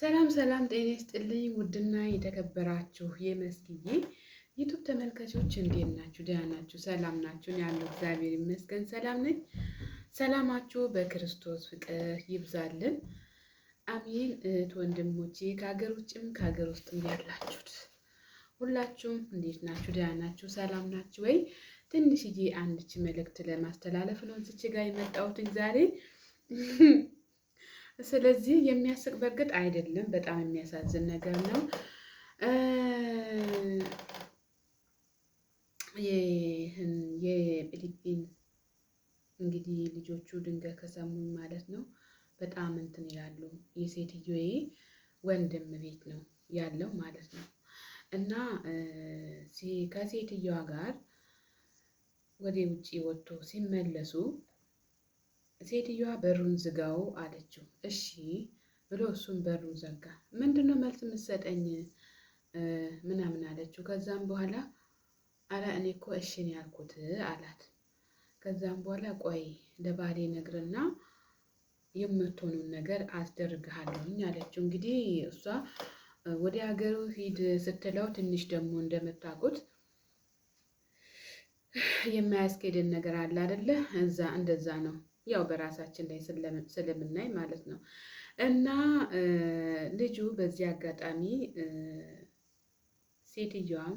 ሰላም ሰላም፣ ጤና ይስጥልኝ። ውድና የተከበራችሁ የመስኪዬ ዩቱብ ተመልካቾች እንዴት ናችሁ? ደህና ናችሁ? ሰላም ናችሁ? ያለው እግዚአብሔር ይመስገን ሰላም ነኝ። ሰላማችሁ በክርስቶስ ፍቅር ይብዛልን። አሜን። እህት ወንድሞቼ፣ ከሀገር ውጭም ከሀገር ውስጥም ያላችሁት ሁላችሁም እንዴት ናችሁ? ደህና ናችሁ? ሰላም ናችሁ ወይ? ትንሽዬ አንድች መልእክት ለማስተላለፍ ነው እዚች ጋር የመጣሁትኝ ዛሬ ስለዚህ የሚያስቅ በእርግጥ አይደለም፣ በጣም የሚያሳዝን ነገር ነው። የፊሊፒን እንግዲህ ልጆቹ ድንገት ከሰሙኝ ማለት ነው በጣም እንትን ይላሉ። የሴትዮዬ ወንድም ቤት ነው ያለው ማለት ነው እና ከሴትዮዋ ጋር ወደ ውጭ ወጥቶ ሲመለሱ ሴትዮዋ በሩን ዝጋው አለችው። እሺ ብሎ እሱም በሩን ዘጋ። ምንድነው መልስ የምትሰጠኝ ምናምን አለችው። ከዛም በኋላ አረ እኔ እኮ እሺ ያልኩት አላት። ከዛም በኋላ ቆይ ለባሌ ነግርና የምትሆኑን ነገር አስደርግሃለሁኝ አለችው። እንግዲህ እሷ ወደ ሀገሩ ሂድ ስትለው ትንሽ ደግሞ እንደምታውቁት የማያስኬድን ነገር አለ አደለ? እዛ እንደዛ ነው። ያው በራሳችን ላይ ስለምናይ ማለት ነው። እና ልጁ በዚህ አጋጣሚ ሴትየዋም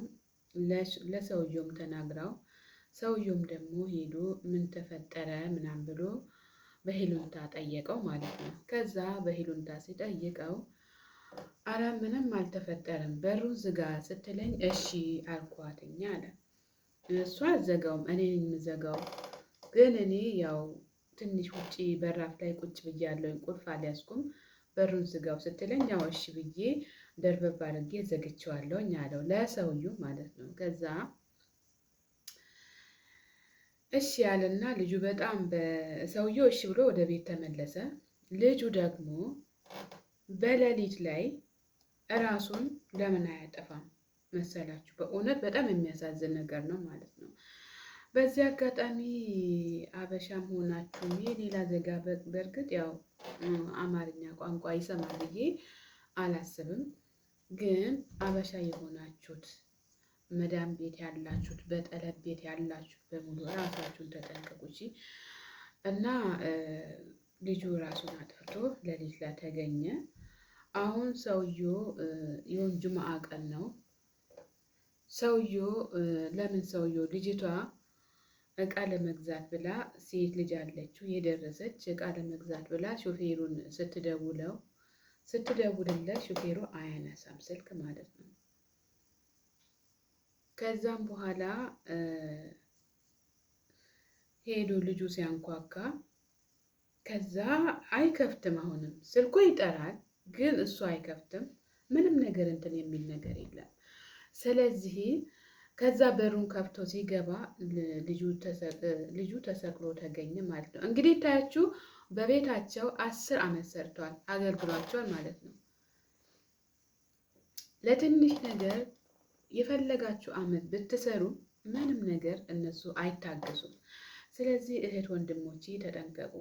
ለሰውየውም ተናግራው ሰውየውም ደግሞ ሄዶ ምን ተፈጠረ ምናም ብሎ በሄሉንታ ጠየቀው ማለት ነው። ከዛ በሄሉንታ ሲጠይቀው አረ ምንም አልተፈጠረም በሩ ዝጋ ስትለኝ እሺ አልኳትኝ አለ። እሷ አዘጋውም እኔ የምዘጋው ግን እኔ ያው ትንሽ ውጪ በራፍ ላይ ቁጭ ብዬ ያለውን ቁልፍ አልያዝኩም በሩን ዝጋው ስትለኝ ያው እሺ ብዬ ደርበብ አድርጌ ዘግቼዋለሁኝ አለው ለሰውዩ ማለት ነው። ከዛ እሺ ያለና ልጁ በጣም ሰውዬው እሺ ብሎ ወደ ቤት ተመለሰ። ልጁ ደግሞ በሌሊት ላይ እራሱን ለምን አያጠፋም መሰላችሁ? በእውነት በጣም የሚያሳዝን ነገር ነው ማለት ነው። በዚህ አጋጣሚ አበሻም ሆናችሁ የሌላ ዜጋ በእርግጥ ያው አማርኛ ቋንቋ ይሰማል ብዬ አላስብም። ግን አበሻ የሆናችሁት መዳም ቤት ያላችሁት፣ በጠለብ ቤት ያላችሁት በሙሉ ራሳችሁን ተጠንቀቁ እና ልጁ ራሱን አጥፍቶ ለልጅ ላይ ተገኘ። አሁን ሰውዬው የወንጁ ማዕቀል ነው። ሰውዬው ለምን ሰውየው ልጅቷ እቃ ለመግዛት ብላ ሴት ልጅ አለችው የደረሰች እቃ ለመግዛት ብላ ሾፌሩን ስትደውለው ስትደውልለት ሾፌሩ አያነሳም ስልክ ማለት ነው። ከዛም በኋላ ሄዶ ልጁ ሲያንኳካ፣ ከዛ አይከፍትም። አሁንም ስልኩ ይጠራል፣ ግን እሱ አይከፍትም። ምንም ነገር እንትን የሚል ነገር የለም። ስለዚህ ከዛ በሩን ከብቶ ሲገባ ልጁ ተሰቅሎ ተገኘ ማለት ነው። እንግዲህ ታያችሁ በቤታቸው አስር ዓመት ሰርተዋል አገልግሏቸዋል ማለት ነው። ለትንሽ ነገር የፈለጋችሁ ዓመት ብትሰሩ ምንም ነገር እነሱ አይታገሱም። ስለዚህ እህት ወንድሞቼ ተጠንቀቁ።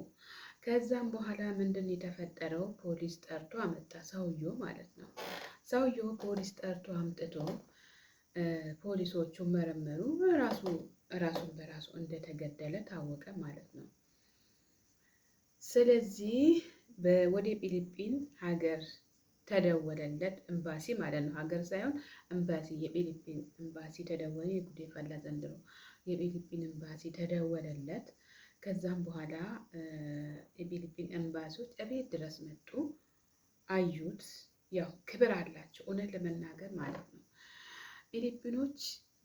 ከዛም በኋላ ምንድን የተፈጠረው ፖሊስ ጠርቶ አመጣ ሰውየው ማለት ነው። ሰውየው ፖሊስ ጠርቶ አምጥቶ ፖሊሶቹ መረመሩ። ራሱ ራሱን በራሱ እንደተገደለ ታወቀ ማለት ነው። ስለዚህ ወደ ፊሊፒን ሀገር ተደወለለት ኤምባሲ ማለት ነው። ሀገር ሳይሆን ኤምባሲ፣ የፊሊፒን ኤምባሲ ተደወለ። የጉዴ ፈላ ዘንድሮ የፊሊፒን ኤምባሲ ተደወለለት። ከዛም በኋላ የፊሊፒን ኤምባሲዎች እቤት ድረስ መጡ፣ አዩት። ያው ክብር አላቸው እውነት ለመናገር ማለት ነው። ፊሊፒኖች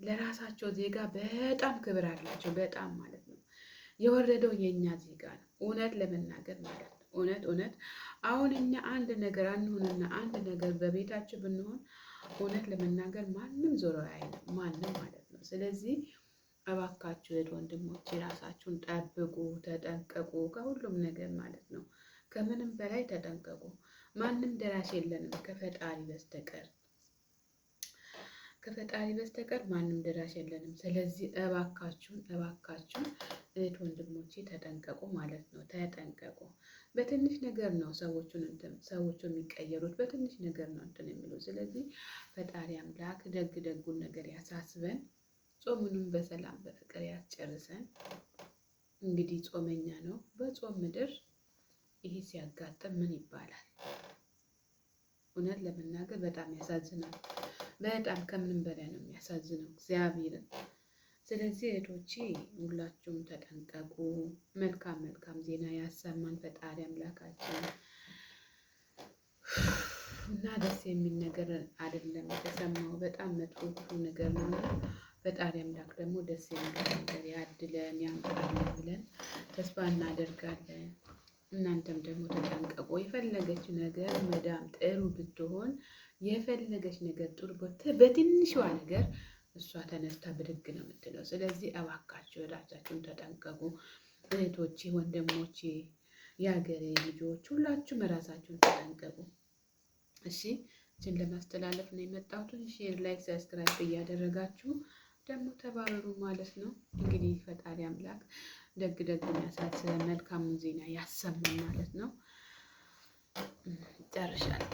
ለራሳቸው ዜጋ በጣም ክብር አላቸው። በጣም ማለት ነው። የወረደው የእኛ ዜጋ ነው፣ እውነት ለመናገር ማለት ነው። እውነት እውነት አሁን እኛ አንድ ነገር አንሆንና አንድ ነገር በቤታችን ብንሆን እውነት ለመናገር ማንም ዞሮ ያይነ ማንም ማለት ነው። ስለዚህ እባካችሁ እህት ወንድሞች የራሳችሁን ጠብቁ፣ ተጠንቀቁ፣ ከሁሉም ነገር ማለት ነው። ከምንም በላይ ተጠንቀቁ። ማንም ደራሽ የለንም ከፈጣሪ በስተቀር ከፈጣሪ በስተቀር ማንም ደራሽ የለንም። ስለዚህ እባካችሁን እባካችሁን እህት ወንድሞቼ ተጠንቀቁ ማለት ነው። ተጠንቀቁ። በትንሽ ነገር ነው ሰዎቹን እንትን ሰዎቹ የሚቀየሩት በትንሽ ነገር ነው እንትን የሚሉ። ስለዚህ ፈጣሪ አምላክ ደግ ደጉን ነገር ያሳስበን፣ ጾሙንም በሰላም በፍቅር ያስጨርሰን። እንግዲህ ጾመኛ ነው። በጾም ምድር ይሄ ሲያጋጥም ምን ይባላል? እውነት ለመናገር በጣም ያሳዝናል። በጣም ከምንም በላይ ነው የሚያሳዝነው እግዚአብሔርን። ስለዚህ እህቶቼ ሁላችሁም ተጠንቀቁ። መልካም መልካም ዜና ያሰማን ፈጣሪ አምላካችን እና ደስ የሚል ነገር አይደለም የተሰማው፣ በጣም መጥፎ ክፉ ነገር ነው። ፈጣሪ አምላክ ደግሞ ደስ የሚል ነገር ያድለን ያምጣልን ብለን ተስፋ እናደርጋለን። እናንተም ደግሞ ተጠንቀቁ። የፈለገች ነገር መዳም ጥሩ ብትሆን የፈለገች ነገር ጥሩ በትንሿ ነገር እሷ ተነስታ ብድግ ነው የምትለው። ስለዚህ እባካችሁ ወዳቻችሁን ተጠንቀቁ። እህቶቼ፣ ወንድሞቼ፣ የሀገሬ ልጆች ሁላችሁም ራሳችሁን ተጠንቀቁ። እሺ፣ እችን ለማስተላለፍ ነው የመጣሁትን ሼር፣ ላይክ፣ ሰብስክራይብ እያደረጋችሁ ደግሞ ተባበሩ ማለት ነው። እንግዲህ ፈጣሪ አምላክ ደግ ደግ የሚያሳት መልካሙን ዜና ያሰማን ማለት ነው። ጨርሻለሁ።